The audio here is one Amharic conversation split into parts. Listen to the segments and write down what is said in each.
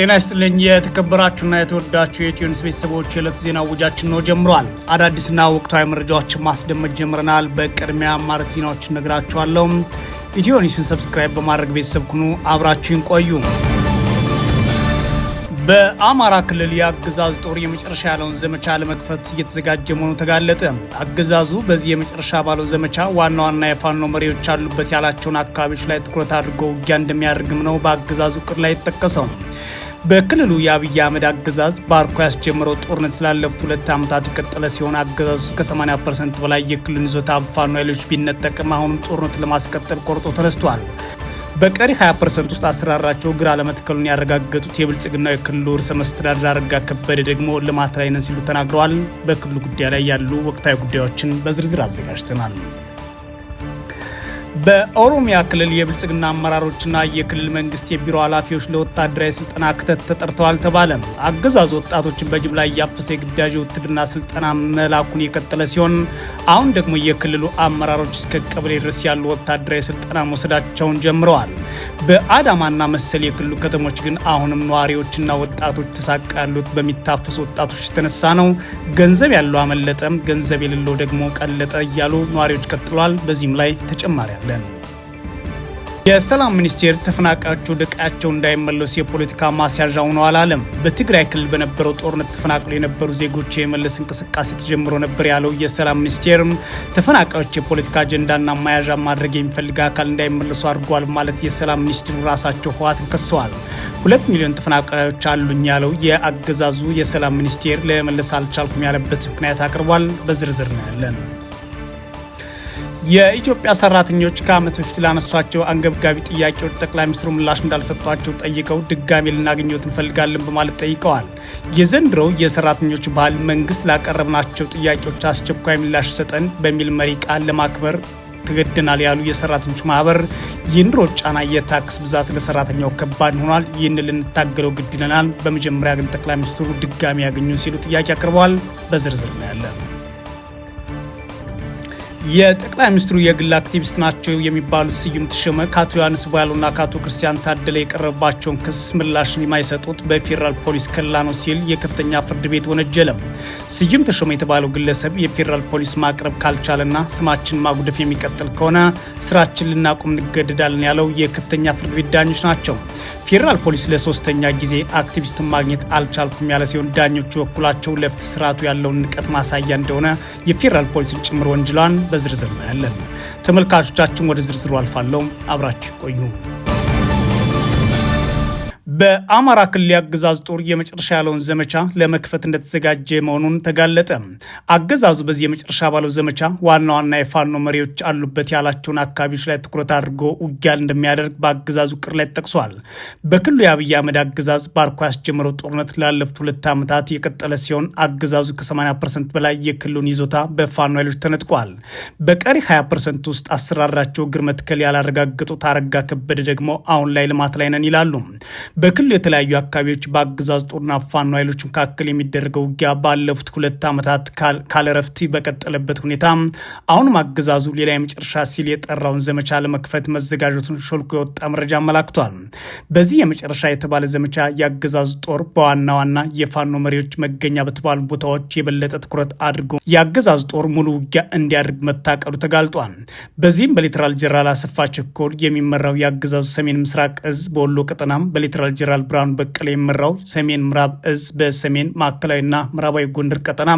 ጤና ይስጥልኝ የተከበራችሁና የተወዳችሁ የኢትዮኒስ ቤተሰቦች የዕለቱ ዜና ውጃችን ነው ጀምሯል። አዳዲስና ወቅታዊ መረጃዎችን ማስደመጥ ጀምረናል። በቅድሚያ አማርት ዜናዎችን ነግራችኋለሁ። ኢትዮኒስን ሰብስክራይብ በማድረግ ቤተሰብ ሁኑ። አብራችሁን ቆዩ። በአማራ ክልል የአገዛዝ ጦር የመጨረሻ ያለውን ዘመቻ ለመክፈት እየተዘጋጀ መሆኑ ተጋለጠ። አገዛዙ በዚህ የመጨረሻ ባለው ዘመቻ ዋና ዋና የፋኖ መሪዎች አሉበት ያላቸውን አካባቢዎች ላይ ትኩረት አድርጎ ውጊያ እንደሚያደርግም ነው በአገዛዙ እቅድ ላይ የተጠቀሰው። በክልሉ የአብይ አህመድ አገዛዝ ባርኮ ያስጀምረው ጦርነት ላለፉት ሁለት ዓመታት የቀጠለ ሲሆን አገዛዙ ከ80 ፐርሰንት በላይ የክልሉን ይዞታ ፋኖ ኃይሎች ቢነጠቅም አሁንም ጦርነት ለማስቀጠል ቆርጦ ተነስቷል። በቀሪ 20 ፐርሰንት ውስጥ አሰራራቸው ግራ ለመትከሉን ያረጋገጡት የብልጽግናው የክልሉ ርዕሰ መስተዳድር አረጋ ከበደ ደግሞ ልማት ላይ ነን ሲሉ ተናግረዋል። በክልሉ ጉዳይ ላይ ያሉ ወቅታዊ ጉዳዮችን በዝርዝር አዘጋጅተናል። በኦሮሚያ ክልል የብልጽግና አመራሮችና የክልል መንግስት የቢሮ ኃላፊዎች ለወታደራዊ ስልጠና ክተት ተጠርተዋል ተባለ። አገዛዙ ወጣቶችን በጅምላ እያፈሰ የግዳጅ ውትድና ስልጠና መላኩን የቀጠለ ሲሆን አሁን ደግሞ የክልሉ አመራሮች እስከ ቀበሌ ድረስ ያሉ ወታደራዊ ስልጠና መውሰዳቸውን ጀምረዋል። በአዳማና መሰል የክልሉ ከተሞች ግን አሁንም ነዋሪዎችና ወጣቶች ተሳቃ ያሉት በሚታፈሱ ወጣቶች የተነሳ ነው። ገንዘብ ያለው አመለጠም፣ ገንዘብ የሌለው ደግሞ ቀለጠ እያሉ ነዋሪዎች ቀጥለዋል። በዚህም ላይ ተጨማሪያል እናቀርባለን። የሰላም ሚኒስቴር ተፈናቃዮቹ ወደ ቀያቸው እንዳይመለሱ የፖለቲካ ማስያዣ ሆኖ አላለም። በትግራይ ክልል በነበረው ጦርነት ተፈናቅሎ የነበሩ ዜጎች የመለስ እንቅስቃሴ ተጀምሮ ነበር ያለው የሰላም ሚኒስቴር ተፈናቃዮች የፖለቲካ አጀንዳና መያዣ ማድረግ የሚፈልግ አካል እንዳይመለሱ አድርጓል ማለት የሰላም ሚኒስትሩ ራሳቸው ህወሓትን ከሰዋል። ሁለት ሚሊዮን ተፈናቃዮች አሉኝ ያለው የአገዛዙ የሰላም ሚኒስቴር ለመለስ አልቻልኩም ያለበት ምክንያት አቅርቧል። በዝርዝር ነው ያለን። የኢትዮጵያ ሰራተኞች ከዓመት በፊት ላነሷቸው አንገብጋቢ ጥያቄዎች ጠቅላይ ሚኒስትሩ ምላሽ እንዳልሰጧቸው ጠይቀው ድጋሜ ልናገኘት እንፈልጋለን በማለት ጠይቀዋል። የዘንድሮው የሰራተኞች ባህል መንግስት ላቀረብናቸው ጥያቄዎች አስቸኳይ ምላሽ ሰጠን በሚል መሪ ቃል ለማክበር ተገደናል ያሉ የሰራተኞች ማህበር የኑሮ ጫና፣ የታክስ ብዛት ለሰራተኛው ከባድ ሆኗል፣ ይህን ልንታገለው ግድ ይለናል። በመጀመሪያ ግን ጠቅላይ ሚኒስትሩ ድጋሚ ያገኙን ሲሉ ጥያቄ አቅርበዋል። በዝርዝር እናያለን። የጠቅላይ ሚኒስትሩ የግል አክቲቪስት ናቸው የሚባሉት ስዩም ተሾመ ከአቶ ዮሐንስ ና ከአቶ ክርስቲያን ታደለ የቀረበባቸውን ክስ ምላሽ የማይሰጡት በፌዴራል ፖሊስ ከላ ነው ሲል የከፍተኛ ፍርድ ቤት ወነጀለም። ስዩም ተሾመ የተባለው ግለሰብ የፌዴራል ፖሊስ ማቅረብ ካልቻለና ስማችን ማጉደፍ የሚቀጥል ከሆነ ስራችን ልናቁም እንገደዳለን ያለው የከፍተኛ ፍርድ ቤት ዳኞች ናቸው። ፌዴራል ፖሊስ ለሶስተኛ ጊዜ አክቲቪስቱን ማግኘት አልቻልኩም ያለ ሲሆን ዳኞቹ በኩላቸው ለፍትህ ስርዓቱ ያለውን ንቀት ማሳያ እንደሆነ የፌዴራል ፖሊስን ጭምር ወንጅሏን በዝርዝር እናያለን። ተመልካቾቻችን ወደ ዝርዝሩ አልፋለሁ፣ አብራችሁ ቆዩ። በአማራ ክልል የአገዛዝ ጦር የመጨረሻ ያለውን ዘመቻ ለመክፈት እንደተዘጋጀ መሆኑን ተጋለጠ። አገዛዙ በዚህ የመጨረሻ ባለው ዘመቻ ዋና ዋና የፋኖ መሪዎች አሉበት ያላቸውን አካባቢዎች ላይ ትኩረት አድርጎ ውጊያል እንደሚያደርግ በአገዛዙ ቅር ላይ ጠቅሷል። በክልሉ የአብይ አህመድ አገዛዝ ባርኮ ያስጀመረው ጦርነት ላለፉት ሁለት ዓመታት የቀጠለ ሲሆን አገዛዙ ከ80 ፐርሰንት በላይ የክልሉን ይዞታ በፋኖ ኃይሎች ተነጥቋል። በቀሪ 20 ፐርሰንት ውስጥ አሰራራቸው እግር መትከል ያላረጋገጡት አረጋ ከበደ ደግሞ አሁን ላይ ልማት ላይ ነን ይላሉ። በክልሉ የተለያዩ አካባቢዎች በአገዛዝ ጦርና ፋኖ ኃይሎች መካከል የሚደረገው ውጊያ ባለፉት ሁለት ዓመታት ካለረፍት በቀጠለበት ሁኔታ አሁንም አገዛዙ ሌላ የመጨረሻ ሲል የጠራውን ዘመቻ ለመክፈት መዘጋጀቱን ሾልኮ የወጣ መረጃ አመላክቷል። በዚህ የመጨረሻ የተባለ ዘመቻ የአገዛዙ ጦር በዋና ዋና የፋኖ መሪዎች መገኛ በተባሉ ቦታዎች የበለጠ ትኩረት አድርጎ የአገዛዙ ጦር ሙሉ ውጊያ እንዲያደርግ መታቀዱ ተጋልጧል። በዚህም በሌተናል ጀነራል አሰፋ ችኮል የሚመራው የአገዛዙ ሰሜን ምስራቅ እዝ በወሎ ቀጠናም በሌተናል ጀነራል ብርሃኑ በቀለ የመራው ሰሜን ምዕራብ እዝ በሰሜን ማዕከላዊና ምዕራባዊ ጎንደር ቀጠና፣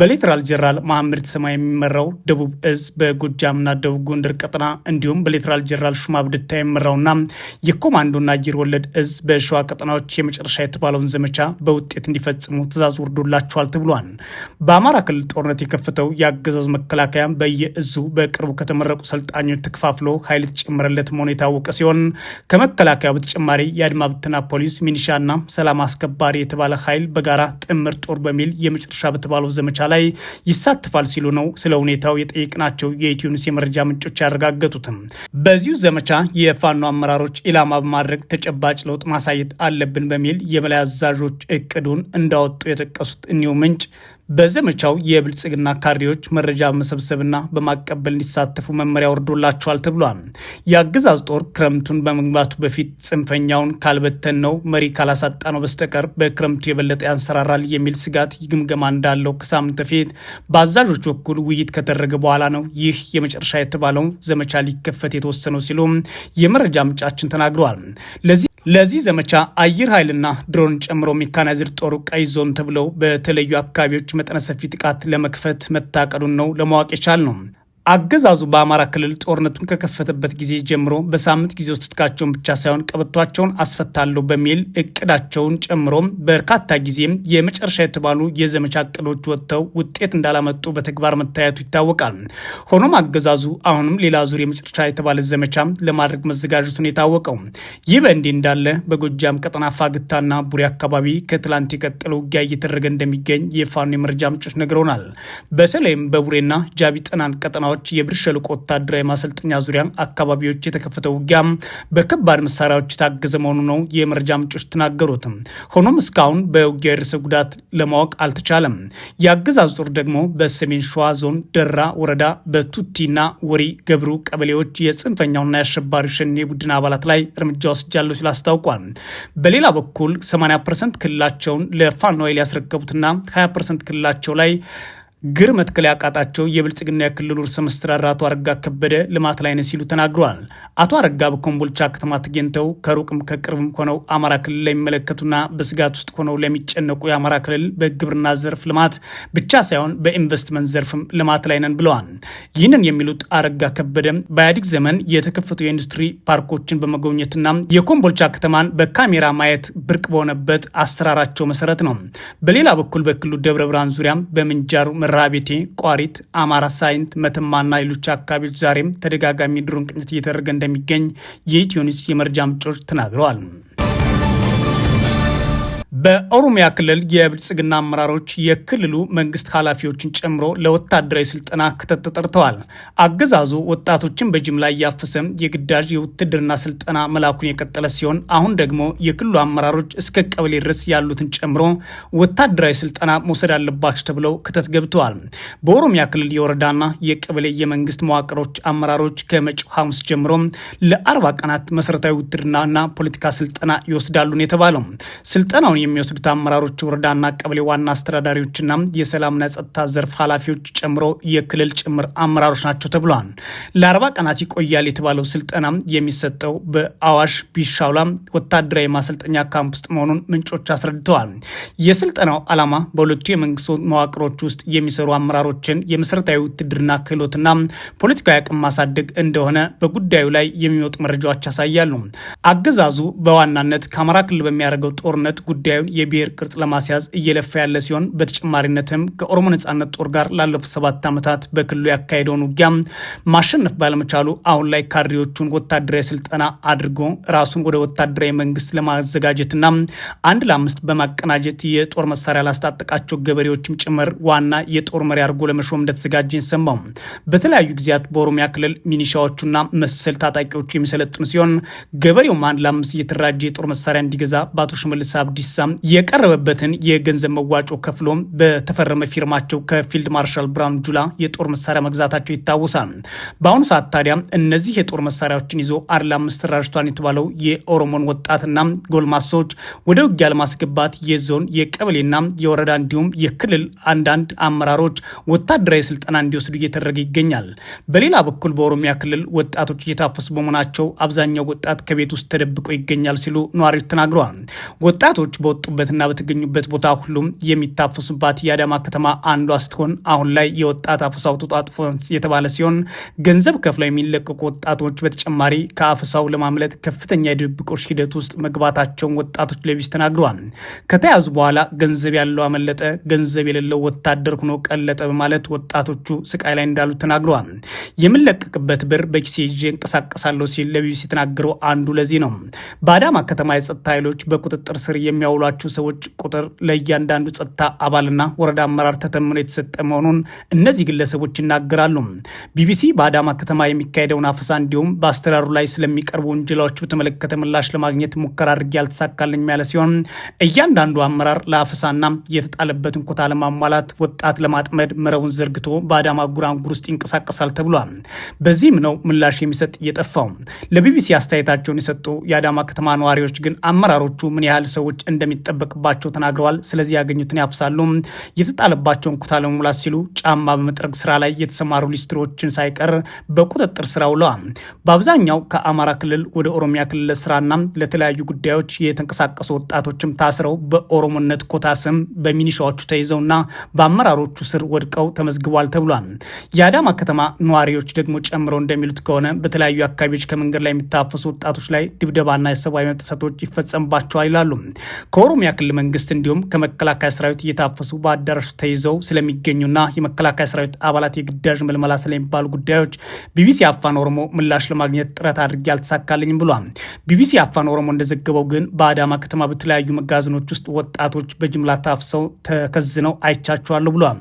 በሌተናል ጀነራል መሐመድ ተሰማ የሚመራው ደቡብ እዝ በጎጃምና ደቡብ ጎንደር ቀጠና እንዲሁም በሌተናል ጀነራል ሹማ ብድታ የሚመራውና የኮማንዶና አየር ወለድ እዝ በሸዋ ቀጠናዎች የመጨረሻ የተባለውን ዘመቻ በውጤት እንዲፈጽሙ ትእዛዝ ወርዶላቸዋል ተብሏል። በአማራ ክልል ጦርነት የከፈተው የአገዛዙ መከላከያ በየእዙ በቅርቡ ከተመረቁ ሰልጣኞች ተከፋፍሎ ኃይል የተጨመረለት መሆኑ የታወቀ ሲሆን ከመከላከያ በተጨማሪ የአድማ ብተ መከላከያና ፖሊስ፣ ሚኒሻና ሰላም አስከባሪ የተባለ ኃይል በጋራ ጥምር ጦር በሚል የመጨረሻ በተባለው ዘመቻ ላይ ይሳተፋል ሲሉ ነው ስለ ሁኔታው የጠየቅናቸው የኢትዮኒስ የመረጃ ምንጮች ያረጋገጡትም። በዚሁ ዘመቻ የፋኖ አመራሮች ኢላማ በማድረግ ተጨባጭ ለውጥ ማሳየት አለብን በሚል የበላይ አዛዦች እቅዱን እንዳወጡ የጠቀሱት እኒው ምንጭ በዘመቻው የብልጽግና ካድሬዎች መረጃ መሰብሰብና በማቀበል እንዲሳተፉ መመሪያ ወርዶላቸዋል ተብሏል። የአገዛዝ ጦር ክረምቱን በመግባቱ በፊት ጽንፈኛውን ካልበተን ነው መሪ ካላሳጣ ነው በስተቀር በክረምቱ የበለጠ ያንሰራራል የሚል ስጋት ግምገማ እንዳለው ከሳምንት በፊት በአዛዦች በኩል ውይይት ከተደረገ በኋላ ነው ይህ የመጨረሻ የተባለው ዘመቻ ሊከፈት የተወሰነው ሲሉም የመረጃ ምንጫችን ተናግረዋል። ለዚህ ለዚህ ዘመቻ አየር ኃይልና ድሮን ጨምሮ ሜካናይዝድ ጦሩ ቀይ ዞን ተብለው በተለዩ አካባቢዎች መጠነ ሰፊ ጥቃት ለመክፈት መታቀዱን ነው ለማወቅ የቻል ነው። አገዛዙ በአማራ ክልል ጦርነቱን ከከፈተበት ጊዜ ጀምሮ በሳምንት ጊዜ ውስጥ ትጥቃቸውን ብቻ ሳይሆን ቀበቷቸውን አስፈታለሁ በሚል እቅዳቸውን ጨምሮ በርካታ ጊዜም የመጨረሻ የተባሉ የዘመቻ እቅዶች ወጥተው ውጤት እንዳላመጡ በተግባር መታየቱ ይታወቃል። ሆኖም አገዛዙ አሁንም ሌላ ዙር የመጨረሻ የተባለ ዘመቻ ለማድረግ መዘጋጀቱን የታወቀው። ይህ በእንዲህ እንዳለ በጎጃም ቀጠና ፋግታና ቡሬ አካባቢ ከትላንት የቀጠለ ውጊያ እየተደረገ እንደሚገኝ የፋኖ የመረጃ ምንጮች ነግረውናል። በተለይም በቡሬና ጃቢ ጥናን ቀጠናዎች ከተማዎች የብር ወታደራዊ ማሰልጠኛ ዙሪያ አካባቢዎች የተከፈተው ውጊያ በከባድ መሳሪያዎች የታገዘ መሆኑ ነው የመረጃ ምንጮች ተናገሩት። ሆኖም እስካሁን በውጊያ የደረሰ ጉዳት ለማወቅ አልተቻለም። የአገዛዝ ጦር ደግሞ በሰሜን ሸዋ ዞን ደራ ወረዳ በቱቲና ወሪ ገብሩ ቀበሌዎች የጽንፈኛውና የአሸባሪው ሸኔ ቡድን አባላት ላይ እርምጃ ወስጃለሁ ሲል አስታውቋል። በሌላ በኩል 80 ፐርሰንት ክልላቸውን ለፋኖ ኃይል ያስረከቡትና 20 ፐርሰንት ክልላቸው ላይ ግር መትከል ያቃጣቸው የብልጽግና የክልሉ ርዕሰ መስተዳድር አቶ አረጋ ከበደ ልማት ላይ ነው ሲሉ ተናግረዋል። አቶ አረጋ በኮምቦልቻ ከተማ ተገኝተው ከሩቅም ከቅርብም ሆነው አማራ ክልል ለሚመለከቱና በስጋት ውስጥ ሆነው ለሚጨነቁ የአማራ ክልል በግብርና ዘርፍ ልማት ብቻ ሳይሆን በኢንቨስትመንት ዘርፍም ልማት ላይ ነን ብለዋል። ይህንን የሚሉት አረጋ ከበደ በኢህአዴግ ዘመን የተከፈቱ የኢንዱስትሪ ፓርኮችን በመጎብኘትና የኮምቦልቻ ከተማን በካሜራ ማየት ብርቅ በሆነበት አሰራራቸው መሰረት ነው። በሌላ በኩል በክልሉ ደብረ ብርሃን ዙሪያም በምንጃሩ መራቤቴ፣ ቋሪት፣ አማራ ሳይንት፣ መተማና ሌሎች አካባቢዎች ዛሬም ተደጋጋሚ ድሮን ቅኝት እየተደረገ እንደሚገኝ የኢትዮኒስ የመረጃ ምንጮች ተናግረዋል። በኦሮሚያ ክልል የብልጽግና አመራሮች የክልሉ መንግስት ኃላፊዎችን ጨምሮ ለወታደራዊ ስልጠና ክተት ተጠርተዋል። አገዛዙ ወጣቶችን በጅምላ እያፈሰም የግዳጅ የውትድርና ስልጠና መላኩን የቀጠለ ሲሆን አሁን ደግሞ የክልሉ አመራሮች እስከ ቀበሌ ድረስ ያሉትን ጨምሮ ወታደራዊ ስልጠና መውሰድ አለባቸው ተብለው ክተት ገብተዋል። በኦሮሚያ ክልል የወረዳና የቀበሌ የመንግስት መዋቅሮች አመራሮች ከመጪው ሐሙስ ጀምሮ ለአርባ ቀናት መሰረታዊ ውትድርናና ፖለቲካ ስልጠና ይወስዳሉን የተባለው ስልጠናውን የሚወስዱት አመራሮች ወረዳና ቀበሌ ዋና አስተዳዳሪዎችና የሰላምና ጸጥታ ዘርፍ ኃላፊዎች ጨምሮ የክልል ጭምር አመራሮች ናቸው ተብሏል። ለአርባ ቀናት ይቆያል የተባለው ስልጠና የሚሰጠው በአዋሽ ቢሻውላ ወታደራዊ ማሰልጠኛ ካምፕ ውስጥ መሆኑን ምንጮች አስረድተዋል። የስልጠናው ዓላማ በሁለቱ የመንግስት መዋቅሮች ውስጥ የሚሰሩ አመራሮችን የመሰረታዊ ውትድርና ክህሎትና ፖለቲካዊ አቅም ማሳደግ እንደሆነ በጉዳዩ ላይ የሚወጡ መረጃዎች ያሳያሉ። አገዛዙ በዋናነት ከአማራ ክልል በሚያደርገው ጦርነት ጉዳይ ጉዳዩን የብሔር ቅርጽ ለማስያዝ እየለፋ ያለ ሲሆን በተጨማሪነትም ከኦሮሞ ነጻነት ጦር ጋር ላለፉት ሰባት ዓመታት በክልሉ ያካሄደውን ውጊያ ማሸነፍ ባለመቻሉ አሁን ላይ ካድሬዎቹን ወታደራዊ ስልጠና አድርጎ ራሱን ወደ ወታደራዊ መንግስት ለማዘጋጀትና አንድ ለአምስት በማቀናጀት የጦር መሳሪያ ላስታጠቃቸው ገበሬዎችም ጭምር ዋና የጦር መሪ አድርጎ ለመሾም እንደተዘጋጀ ይሰማው። በተለያዩ ጊዜያት በኦሮሚያ ክልል ሚኒሻዎቹና መሰል ታጣቂዎቹ የሚሰለጥኑ ሲሆን ገበሬውም አንድ ለአምስት እየተደራጀ የጦር መሳሪያ እንዲገዛ በአቶ ሽመልስ አብዲስ የተነሳም የቀረበበትን የገንዘብ መዋጮ ከፍሎም በተፈረመ ፊርማቸው ከፊልድ ማርሻል ብርሃኑ ጁላ የጦር መሳሪያ መግዛታቸው ይታወሳል። በአሁኑ ሰዓት ታዲያ እነዚህ የጦር መሳሪያዎችን ይዞ አርላ ምስተራጅቷን የተባለው የኦሮሞን ወጣትና ጎልማሶች ወደ ውጊያ ለማስገባት የዞን የቀበሌና የወረዳ እንዲሁም የክልል አንዳንድ አመራሮች ወታደራዊ ስልጠና እንዲወስዱ እየተደረገ ይገኛል። በሌላ በኩል በኦሮሚያ ክልል ወጣቶች እየታፈሱ በመሆናቸው አብዛኛው ወጣት ከቤት ውስጥ ተደብቆ ይገኛል ሲሉ ነዋሪዎች ተናግረዋል። ወጣቶች በወጡበትና በተገኙበት ቦታ ሁሉም የሚታፈሱባት የአዳማ ከተማ አንዷ ስትሆን አሁን ላይ የወጣት አፈሳው ተጧጥፎ የተባለ ሲሆን ገንዘብ ከፍለው የሚለቀቁ ወጣቶች በተጨማሪ ከአፈሳው ለማምለጥ ከፍተኛ የድብቆች ሂደት ውስጥ መግባታቸውን ወጣቶች ለቢስ ተናግረዋል። ከተያዙ በኋላ ገንዘብ ያለው አመለጠ፣ ገንዘብ የሌለው ወታደር ሆኖ ቀለጠ በማለት ወጣቶቹ ስቃይ ላይ እንዳሉ ተናግረዋል። የምለቀቅበት ብር በኪሴ ይዤ እንቀሳቀሳለሁ ሲል ለቢቢሲ የተናገረው አንዱ ለዚህ ነው። በአዳማ ከተማ የጸጥታ ኃይሎች በቁጥጥር ስር የሚያውሉ የውሏቸው ሰዎች ቁጥር ለእያንዳንዱ ጸጥታ አባልና ወረዳ አመራር ተተምኖ የተሰጠ መሆኑን እነዚህ ግለሰቦች ይናገራሉ። ቢቢሲ በአዳማ ከተማ የሚካሄደውን አፈሳ እንዲሁም በአስተዳሩ ላይ ስለሚቀርቡ ወንጀላዎች በተመለከተ ምላሽ ለማግኘት ሙከራ አድርጌ ያልተሳካልኝም ያለ ሲሆን እያንዳንዱ አመራር ለአፈሳና የተጣለበትን ኮታ ለማሟላት ወጣት ለማጥመድ መረቡን ዘርግቶ በአዳማ ጉራንጉር ውስጥ ይንቀሳቀሳል ተብሏል። በዚህም ነው ምላሽ የሚሰጥ እየጠፋው። ለቢቢሲ አስተያየታቸውን የሰጡ የአዳማ ከተማ ነዋሪዎች ግን አመራሮቹ ምን ያህል ሰዎች እንደ እንደሚጠበቅባቸው ተናግረዋል። ስለዚህ ያገኙትን ያፍሳሉ። የተጣለባቸውን ኩታ ለመሙላት ሲሉ ጫማ በመጥረግ ስራ ላይ የተሰማሩ ሊስትሮችን ሳይቀር በቁጥጥር ስራ ውለዋል። በአብዛኛው ከአማራ ክልል ወደ ኦሮሚያ ክልል ለስራና ለተለያዩ ጉዳዮች የተንቀሳቀሱ ወጣቶችም ታስረው በኦሮሞነት ኮታ ስም በሚኒሻዎቹ ተይዘውና በአመራሮቹ ስር ወድቀው ተመዝግቧል ተብሏል። የአዳማ ከተማ ነዋሪዎች ደግሞ ጨምረው እንደሚሉት ከሆነ በተለያዩ አካባቢዎች ከመንገድ ላይ የሚታፈሱ ወጣቶች ላይ ድብደባና የሰብአዊ መብት ጥሰቶች ይፈጸምባቸዋል ይላሉ። ከኦሮሚያ ክልል መንግስት እንዲሁም ከመከላከያ ሰራዊት እየታፈሱ በአዳራሹ ተይዘው ስለሚገኙና የመከላከያ ሰራዊት አባላት የግዳጅ ምልመላ ስለሚባሉ ጉዳዮች ቢቢሲ አፋን ኦሮሞ ምላሽ ለማግኘት ጥረት አድርጌ አልተሳካልኝም ብሏል። ቢቢሲ አፋን ኦሮሞ እንደዘገበው ግን በአዳማ ከተማ በተለያዩ መጋዘኖች ውስጥ ወጣቶች በጅምላ ታፍሰው ተከዝነው አይቻቸዋለሁ ብሏል።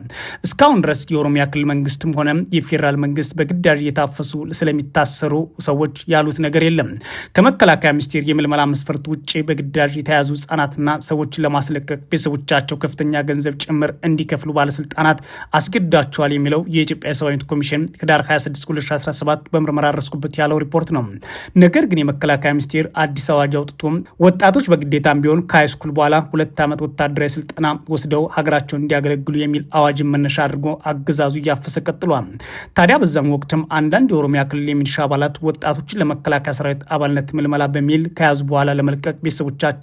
እስካሁን ድረስ የኦሮሚያ ክልል መንግስትም ሆነ የፌዴራል መንግስት በግዳጅ እየታፈሱ ስለሚታሰሩ ሰዎች ያሉት ነገር የለም። ከመከላከያ ሚኒስቴር የምልመላ መስፈርት ውጭ በግዳጅ የተያዙ ህጻናትና ለማስለቀቅና ሰዎችን ለማስለቀቅ ቤተሰቦቻቸው ከፍተኛ ገንዘብ ጭምር እንዲከፍሉ ባለስልጣናት አስገዳቸዋል የሚለው የኢትዮጵያ የሰብአዊ መብት ኮሚሽን ህዳር 26 2017 በምርመራ ደረስኩበት ያለው ሪፖርት ነው። ነገር ግን የመከላከያ ሚኒስቴር አዲስ አዋጅ አውጥቶ ወጣቶች በግዴታም ቢሆን ከሃይስኩል በኋላ ሁለት ዓመት ወታደራዊ ስልጠና ወስደው ሀገራቸውን እንዲያገለግሉ የሚል አዋጅን መነሻ አድርጎ አገዛዙ እያፈሰ ቀጥሏል። ታዲያ በዛም ወቅትም አንዳንድ የኦሮሚያ ክልል የሚሊሻ አባላት ወጣቶችን ለመከላከያ ሰራዊት አባልነት ምልመላ በሚል ከያዙ በኋላ ለመልቀቅ ቤተሰቦቻቸው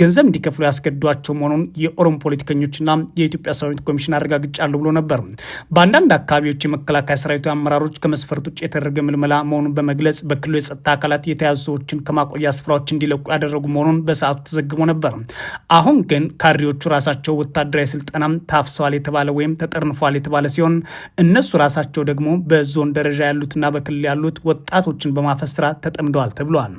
ገንዘብ እንዲከፍሉ ያስገድዷቸው መሆኑን የኦሮሞ ፖለቲከኞችና የኢትዮጵያ ሰራዊት ኮሚሽን አረጋግጫለሁ ብሎ ነበር። በአንዳንድ አካባቢዎች የመከላከያ ሰራዊቱ አመራሮች ከመስፈርት ውጭ የተደረገ ምልመላ መሆኑን በመግለጽ በክልሉ የጸጥታ አካላት የተያዙ ሰዎችን ከማቆያ ስፍራዎች እንዲለቁ ያደረጉ መሆኑን በሰዓቱ ተዘግቦ ነበር። አሁን ግን ካድሬዎቹ ራሳቸው ወታደራዊ ስልጠና ታፍሰዋል የተባለ ወይም ተጠርንፏል የተባለ ሲሆን እነሱ ራሳቸው ደግሞ በዞን ደረጃ ያሉትና በክልል ያሉት ወጣቶችን በማፈስ ስራ ተጠምደዋል ተብሏል።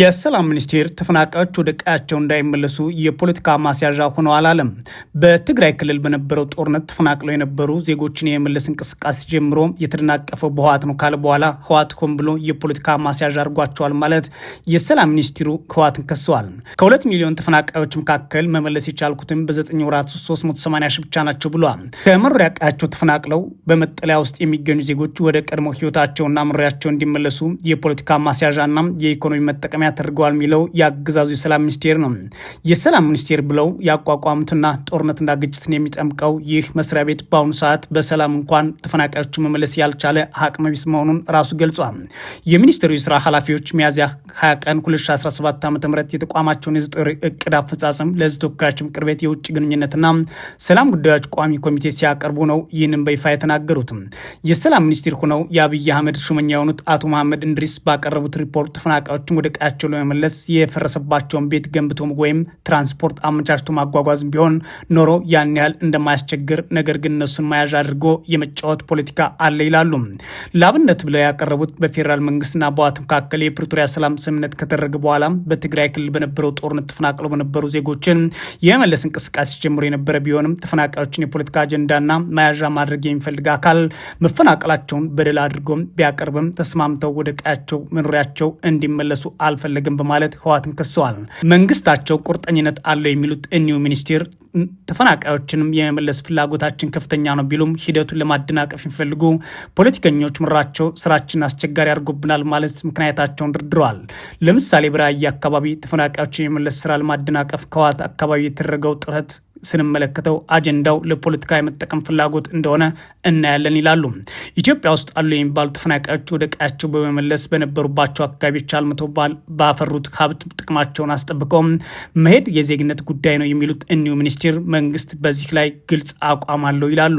የሰላም ሚኒስቴር ተፈናቃዮች ወደ ቀያቸው እንዳይመለሱ የፖለቲካ ማስያዣ ሆነው አላለም። በትግራይ ክልል በነበረው ጦርነት ተፈናቅለው የነበሩ ዜጎችን የመለስ እንቅስቃሴ ጀምሮ የተደናቀፈው በህዋት ነው ካለ በኋላ ህዋት ሆን ብሎ የፖለቲካ ማስያዣ አድርጓቸዋል ማለት የሰላም ሚኒስትሩ ህዋትን ከሰዋል። ከሁለት ሚሊዮን ተፈናቃዮች መካከል መመለስ የቻልኩትም በዘጠኝ ወራት 380 ሺህ ብቻ ናቸው ብሏል። ከመኖሪያ ቀያቸው ተፈናቅለው በመጠለያ ውስጥ የሚገኙ ዜጎች ወደ ቀድሞ ህይወታቸውና መኖሪያቸው እንዲመለሱ የፖለቲካ ማስያዣና የኢኮኖሚ መጠ መጠቀሚያ ተደርገዋል የሚለው የአገዛዙ የሰላም ሚኒስቴር ነው። የሰላም ሚኒስቴር ብለው ያቋቋሙትና ጦርነትና ግጭትን የሚጠምቀው ይህ መስሪያ ቤት በአሁኑ ሰዓት በሰላም እንኳን ተፈናቃዮቹ መመለስ ያልቻለ አቅመ ቢስ መሆኑን ራሱ ገልጿል። የሚኒስቴሩ የስራ ኃላፊዎች ሚያዝያ 20 ቀን 2017 ዓ ም የተቋማቸውን የዘጠሪ እቅድ አፈጻጸም ለህዝብ ተወካዮች ምክር ቤት የውጭ ግንኙነትና ሰላም ጉዳዮች ቋሚ ኮሚቴ ሲያቀርቡ ነው ይህንን በይፋ የተናገሩት። የሰላም ሚኒስትር ሆነው የአብይ አህመድ ሹመኛ የሆኑት አቶ መሐመድ እንድሪስ ባቀረቡት ሪፖርት ተፈናቃዮችን ወደ ጥያቄያቸው ለመመለስ የፈረሰባቸውን ቤት ገንብቶ ወይም ትራንስፖርት አመቻችቶ ማጓጓዝም ቢሆን ኖሮ ያን ያህል እንደማያስቸግር፣ ነገር ግን እነሱን መያዣ አድርጎ የመጫወት ፖለቲካ አለ ይላሉ። ለአብነት ብለው ያቀረቡት በፌዴራል መንግስትና በዋት መካከል የፕሪቶሪያ ሰላም ስምምነት ከተደረገ በኋላ በትግራይ ክልል በነበረው ጦርነት ተፈናቅለው በነበሩ ዜጎችን የመመለስ እንቅስቃሴ ጀምሮ የነበረ ቢሆንም ተፈናቃዮችን የፖለቲካ አጀንዳና መያዣ ማድረግ የሚፈልግ አካል መፈናቀላቸውን በደል አድርጎም ቢያቀርብም ተስማምተው ወደ ቀያቸው መኖሪያቸው እንዲመለሱ አልፈለግም በማለት ህወሓትን ከሰዋል። መንግስታቸው ቁርጠኝነት አለው የሚሉት እኒው ሚኒስቴር ተፈናቃዮችንም የመመለስ ፍላጎታችን ከፍተኛ ነው ቢሉም ሂደቱን ለማደናቀፍ የሚፈልጉ ፖለቲከኞች ምራቸው ስራችን አስቸጋሪ አድርጎብናል ማለት ምክንያታቸውን ደርድረዋል። ለምሳሌ በራያ አካባቢ ተፈናቃዮችን የመመለስ ስራ ለማደናቀፍ ከዋት አካባቢ የተደረገው ጥረት ስንመለከተው አጀንዳው ለፖለቲካ የመጠቀም ፍላጎት እንደሆነ እናያለን ይላሉ። ኢትዮጵያ ውስጥ አሉ የሚባሉ ተፈናቃዮች ወደ ቀያቸው በመመለስ በነበሩባቸው አካባቢዎች አልምተው ባፈሩት ሀብት ጥቅማቸውን አስጠብቀው መሄድ የዜግነት ጉዳይ ነው የሚሉት እኒው ሚኒስቴር ኪር መንግስት በዚህ ላይ ግልጽ አቋም አለው ይላሉ።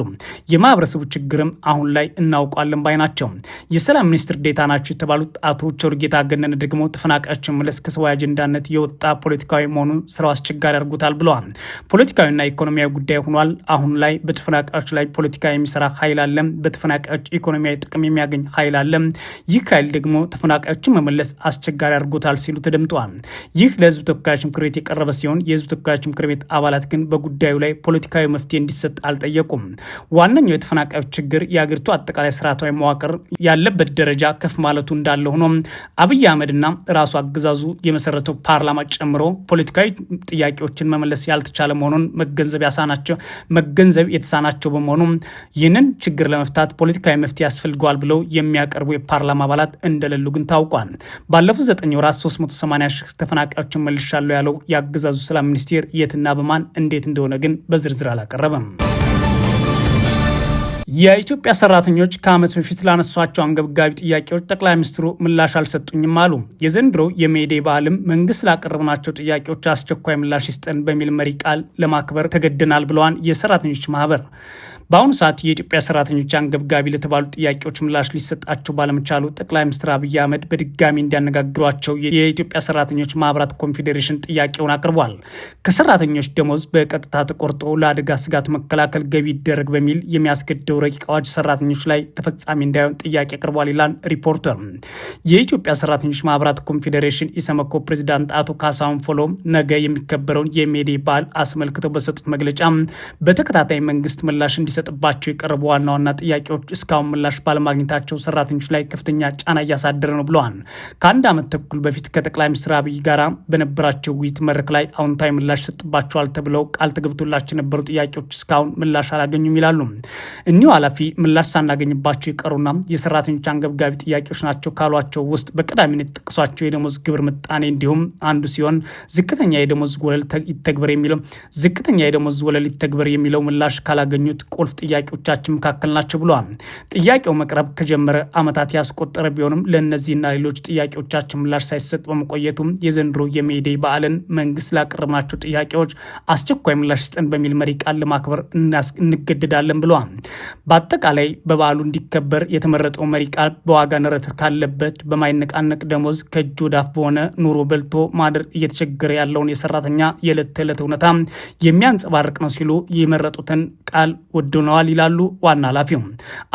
የማህበረሰቡ ችግርም አሁን ላይ እናውቋለን ባይ ናቸው። የሰላም ሚኒስትር ዴታ ናቸው የተባሉት አቶ ቸርጌታ ገነነ ደግሞ ተፈናቃዮችን መለስ ከሰብአዊ አጀንዳነት የወጣ ፖለቲካዊ መሆኑን ስራው አስቸጋሪ አድርጎታል ብለዋል። ፖለቲካዊና ኢኮኖሚያዊ ጉዳይ ሆኗል። አሁን ላይ በተፈናቃዮች ላይ ፖለቲካ የሚሰራ ኃይል አለም፣ በተፈናቃዮች ኢኮኖሚያዊ ጥቅም የሚያገኝ ኃይል አለም። ይህ ኃይል ደግሞ ተፈናቃዮችን መመለስ አስቸጋሪ አድርጎታል ሲሉ ተደምጠዋል። ይህ ለህዝብ ተወካዮች ምክር ቤት የቀረበ ሲሆን የህዝብ ተወካዮች ምክር ቤት አባላት ግን በጉዳዩ ላይ ፖለቲካዊ መፍትሄ እንዲሰጥ አልጠየቁም። ዋነኛው የተፈናቃዮች ችግር የአገሪቱ አጠቃላይ ስርዓታዊ መዋቅር ያለበት ደረጃ ከፍ ማለቱ እንዳለ ሆኖ አብይ አህመድና ራሱ አገዛዙ የመሰረተው ፓርላማ ጨምሮ ፖለቲካዊ ጥያቄዎችን መመለስ ያልተቻለ መሆኑን መገንዘብ ያሳናቸው መገንዘብ የተሳናቸው በመሆኑ ይህንን ችግር ለመፍታት ፖለቲካዊ መፍትሄ ያስፈልገዋል ብለው የሚያቀርቡ የፓርላማ አባላት እንደሌሉ ግን ታውቋል። ባለፉት ዘጠኝ ወራት 380 ሺህ ተፈናቃዮችን መልሻለሁ ያለው የአገዛዙ ሰላም ሚኒስቴር የትና በማን እንዴት እንዴት እንደሆነ ግን በዝርዝር አላቀረበም። የኢትዮጵያ ሰራተኞች ከዓመት በፊት ላነሷቸው አንገብጋቢ ጥያቄዎች ጠቅላይ ሚኒስትሩ ምላሽ አልሰጡኝም አሉ። የዘንድሮ የሜዴ በዓልም መንግስት ላቀረብናቸው ጥያቄዎች አስቸኳይ ምላሽ ይስጠን በሚል መሪ ቃል ለማክበር ተገደናል ብለዋል የሰራተኞች ማህበር። በአሁኑ ሰዓት የኢትዮጵያ ሰራተኞች አንገብጋቢ ለተባሉ ጥያቄዎች ምላሽ ሊሰጣቸው ባለመቻሉ ጠቅላይ ሚኒስትር አብይ አህመድ በድጋሚ እንዲያነጋግሯቸው የኢትዮጵያ ሰራተኞች ማህበራት ኮንፌዴሬሽን ጥያቄውን አቅርቧል። ከሰራተኞች ደሞዝ በቀጥታ ተቆርጦ ለአደጋ ስጋት መከላከል ገቢ ይደረግ በሚል የሚያስገድደው ረቂቅ አዋጅ ሰራተኞች ላይ ተፈጻሚ እንዳይሆን ጥያቄ አቅርቧል ይላል ሪፖርተር። የኢትዮጵያ ሰራተኞች ማህበራት ኮንፌዴሬሽን ኢሰመኮ ፕሬዚዳንት አቶ ካሳሁን ፎሎም ነገ የሚከበረውን የሜዴ በዓል አስመልክተው በሰጡት መግለጫ በተከታታይ መንግስት ምላሽ እንዲሰ ሊሰጥባቸው የቀረቡ ዋና ዋና ጥያቄዎች እስካሁን ምላሽ ባለማግኘታቸው ሰራተኞች ላይ ከፍተኛ ጫና እያሳደረ ነው ብለዋል። ከአንድ ዓመት ተኩል በፊት ከጠቅላይ ሚኒስትር አብይ ጋር በነበራቸው ውይይት መድረክ ላይ አውንታዊ ምላሽ ሰጥባቸዋል ተብለው ቃል ተገብቶላቸው የነበሩ ጥያቄዎች እስካሁን ምላሽ አላገኙም ይላሉ እኒሁ ኃላፊ። ምላሽ ሳናገኝባቸው የቀሩና የሰራተኞች አንገብጋቢ ጥያቄዎች ናቸው ካሏቸው ውስጥ በቀዳሚነት ጠቅሷቸው የደሞዝ ግብር ምጣኔ እንዲሁም አንዱ ሲሆን ዝቅተኛ የደሞዝ ወለል ይተግበር የሚለው ዝቅተኛ የደሞዝ ወለል ይተግበር የሚለው ምላሽ ካላገኙት ቁልፍ አቀፍ ጥያቄዎቻችን መካከል ናቸው ብሏል። ጥያቄው መቅረብ ከጀመረ ዓመታት ያስቆጠረ ቢሆንም ለእነዚህና ሌሎች ጥያቄዎቻችን ምላሽ ሳይሰጥ በመቆየቱም የዘንድሮ የሜዴ በዓልን መንግስት ላቀረብናቸው ጥያቄዎች አስቸኳይ ምላሽ ስጠን በሚል መሪ ቃል ለማክበር እንገደዳለን ብለዋል። በአጠቃላይ በበዓሉ እንዲከበር የተመረጠው መሪ ቃል በዋጋ ንረት ካለበት በማይነቃነቅ ደሞዝ ከእጅ ወዳፍ በሆነ ኑሮ በልቶ ማደር እየተቸገረ ያለውን የሰራተኛ የዕለት ተዕለት እውነታ የሚያንጸባርቅ ነው ሲሉ የመረጡትን ቃል ወደ ሆነዋል ይላሉ ዋና ኃላፊው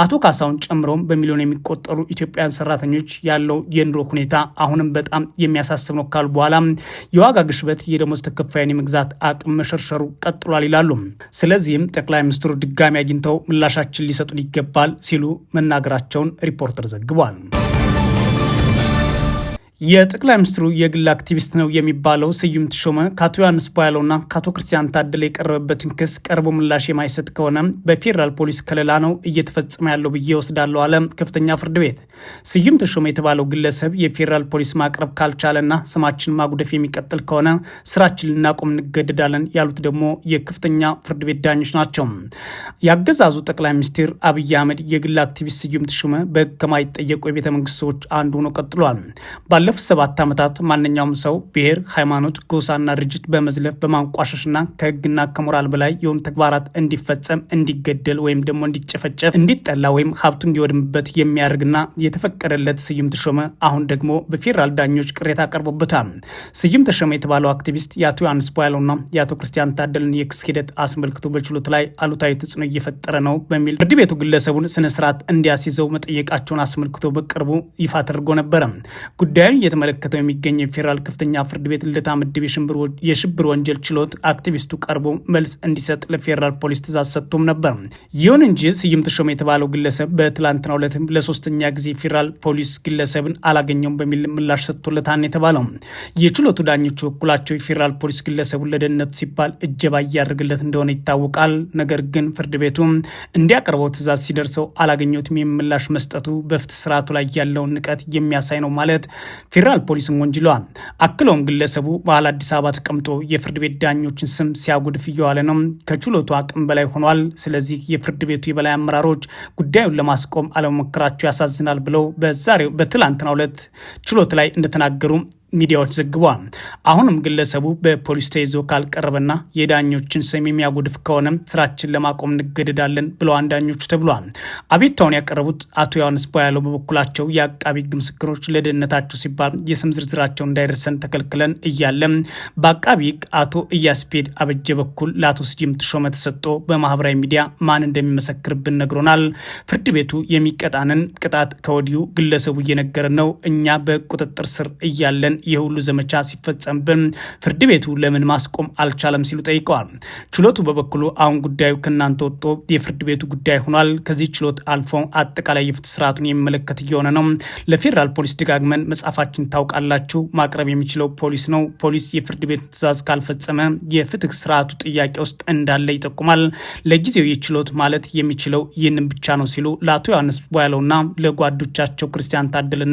አቶ ካሳውን ጨምሮም በሚሊዮን የሚቆጠሩ ኢትዮጵያውያን ሰራተኞች ያለው የኑሮ ሁኔታ አሁንም በጣም የሚያሳስብ ነው ካሉ በኋላ የዋጋ ግሽበት የደሞዝ ተከፋይን የመግዛት አቅም መሸርሸሩ ቀጥሏል ይላሉ። ስለዚህም ጠቅላይ ሚኒስትሩ ድጋሚ አግኝተው ምላሻችን ሊሰጡን ይገባል ሲሉ መናገራቸውን ሪፖርተር ዘግቧል። የጠቅላይ ሚኒስትሩ የግል አክቲቪስት ነው የሚባለው ስዩም ተሾመ ከአቶ ዮሐንስ ባያለውና ከአቶ ክርስቲያን ታደለ የቀረበበትን ክስ ቀርቦ ምላሽ የማይሰጥ ከሆነ በፌዴራል ፖሊስ ከለላ ነው እየተፈጸመ ያለው ብዬ ወስዳለሁ አለ ከፍተኛ ፍርድ ቤት። ስዩም ተሾመ የተባለው ግለሰብ የፌዴራል ፖሊስ ማቅረብ ካልቻለና ስማችን ማጉደፍ የሚቀጥል ከሆነ ስራችን ልናቆም እንገደዳለን ያሉት ደግሞ የከፍተኛ ፍርድ ቤት ዳኞች ናቸው። ያገዛዙ ጠቅላይ ሚኒስትር አብይ አህመድ የግል አክቲቪስት ስዩም ተሾመ በህግ ከማይጠየቁ መንግስት ሰዎች አንዱ ሆኖ ቀጥሏል። ባለፉት ሰባት ዓመታት ማንኛውም ሰው ብሔር፣ ሃይማኖት፣ ጎሳና ድርጅት በመዝለፍ በማንቋሸሽና ከህግና ከሞራል በላይ የሆኑ ተግባራት እንዲፈጸም፣ እንዲገደል ወይም ደግሞ እንዲጨፈጨፍ፣ እንዲጠላ ወይም ሀብቱ እንዲወድምበት የሚያደርግና የተፈቀደለት ስዩም ተሾመ አሁን ደግሞ በፌዴራል ዳኞች ቅሬታ ቀርቦበታል። ስዩም ተሾመ የተባለው አክቲቪስት የአቶ ዮሐንስ ቧያለውና የአቶ ክርስቲያን ታደልን የክስ ሂደት አስመልክቶ በችሎት ላይ አሉታዊ ተጽዕኖ እየፈጠረ ነው በሚል ፍርድ ቤቱ ግለሰቡን ስነስርዓት እንዲያስይዘው መጠየቃቸውን አስመልክቶ በቅርቡ ይፋ ተደርጎ ነበረ ጉዳዩን እየተመለከተው የሚገኘው የፌዴራል ከፍተኛ ፍርድ ቤት ልደታ ምድብ የሽብር ወንጀል ችሎት አክቲቪስቱ ቀርቦ መልስ እንዲሰጥ ለፌዴራል ፖሊስ ትእዛዝ ሰጥቶም ነበር። ይሁን እንጂ ስዩም ተሾመ የተባለው ግለሰብ በትላንትናው ዕለት ለሶስተኛ ጊዜ ፌዴራል ፖሊስ ግለሰብን አላገኘውም በሚል ምላሽ ሰጥቶለታን የተባለው የችሎቱ ዳኞች በኩላቸው የፌዴራል ፖሊስ ግለሰቡን ለደህንነቱ ሲባል እጀባ እያደረገለት እንደሆነ ይታወቃል። ነገር ግን ፍርድ ቤቱ እንዲያቀርበው ትእዛዝ ሲደርሰው አላገኘትም የምላሽ መስጠቱ በፍትህ ስርዓቱ ላይ ያለውን ንቀት የሚያሳይ ነው ማለት ፌዴራል ፖሊስን ወንጅለዋል። አክለውም ግለሰቡ ባህል አዲስ አበባ ተቀምጦ የፍርድ ቤት ዳኞችን ስም ሲያጎድፍ እየዋለ ነው። ከችሎቱ አቅም በላይ ሆኗል። ስለዚህ የፍርድ ቤቱ የበላይ አመራሮች ጉዳዩን ለማስቆም አለመሞከራቸው ያሳዝናል ብለው በዛሬው በትላንትናው ዕለት ችሎት ላይ እንደተናገሩ ሚዲያዎች ዘግቧል። አሁንም ግለሰቡ በፖሊስ ተይዞ ካልቀረበና የዳኞችን ስም የሚያጎድፍ ከሆነ ስራችን ለማቆም እንገደዳለን ብለዋል ዳኞቹ ተብሏል። አቤቱታውን ያቀረቡት አቶ ዮሐንስ ቦያለው በበኩላቸው የአቃቢ ሕግ ምስክሮች ለደህንነታቸው ሲባል የስም ዝርዝራቸው እንዳይደርሰን ተከልክለን እያለም በአቃቢ ሕግ አቶ እያስፔድ አበጀ በኩል ለአቶ ስጅም ተሾመ ተሰጥቶ በማህበራዊ ሚዲያ ማን እንደሚመሰክርብን ነግሮናል። ፍርድ ቤቱ የሚቀጣንን ቅጣት ከወዲሁ ግለሰቡ እየነገረን ነው። እኛ በቁጥጥር ስር እያለን የሁሉ ዘመቻ ሲፈጸምብን ፍርድ ቤቱ ለምን ማስቆም አልቻለም ሲሉ ጠይቀዋል። ችሎቱ በበኩሉ አሁን ጉዳዩ ከእናንተ ወጥቶ የፍርድ ቤቱ ጉዳይ ሆኗል። ከዚህ ችሎት አልፎ አጠቃላይ የፍትህ ስርዓቱን የሚመለከት እየሆነ ነው። ለፌዴራል ፖሊስ ደጋግመን መጻፋችን ታውቃላችሁ። ማቅረብ የሚችለው ፖሊስ ነው። ፖሊስ የፍርድ ቤቱ ትእዛዝ ካልፈጸመ የፍትህ ስርዓቱ ጥያቄ ውስጥ እንዳለ ይጠቁማል። ለጊዜው የችሎት ማለት የሚችለው ይህንን ብቻ ነው ሲሉ ለአቶ ዮሐንስ ቧያለውና ለጓዶቻቸው ክርስቲያን ታደልና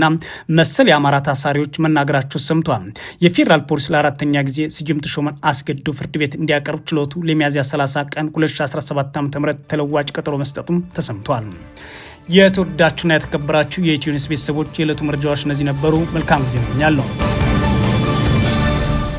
መሰል የአማራ ታሳሪዎች መናገራቸው ሲከሱስ ሰምቷል። የፌዴራል ፖሊስ ለአራተኛ ጊዜ ስዩም ተሾመን አስገድዶ ፍርድ ቤት እንዲያቀርብ ችሎቱ ለሚያዝያ 30 ቀን 2017 ዓ ም ተለዋጭ ቀጠሮ መስጠቱም ተሰምቷል። የተወዳችሁና የተከበራችሁ የኢትዮ ኒውስ ቤተሰቦች የዕለቱ መረጃዎች እነዚህ ነበሩ። መልካም ጊዜ እመኛለሁ።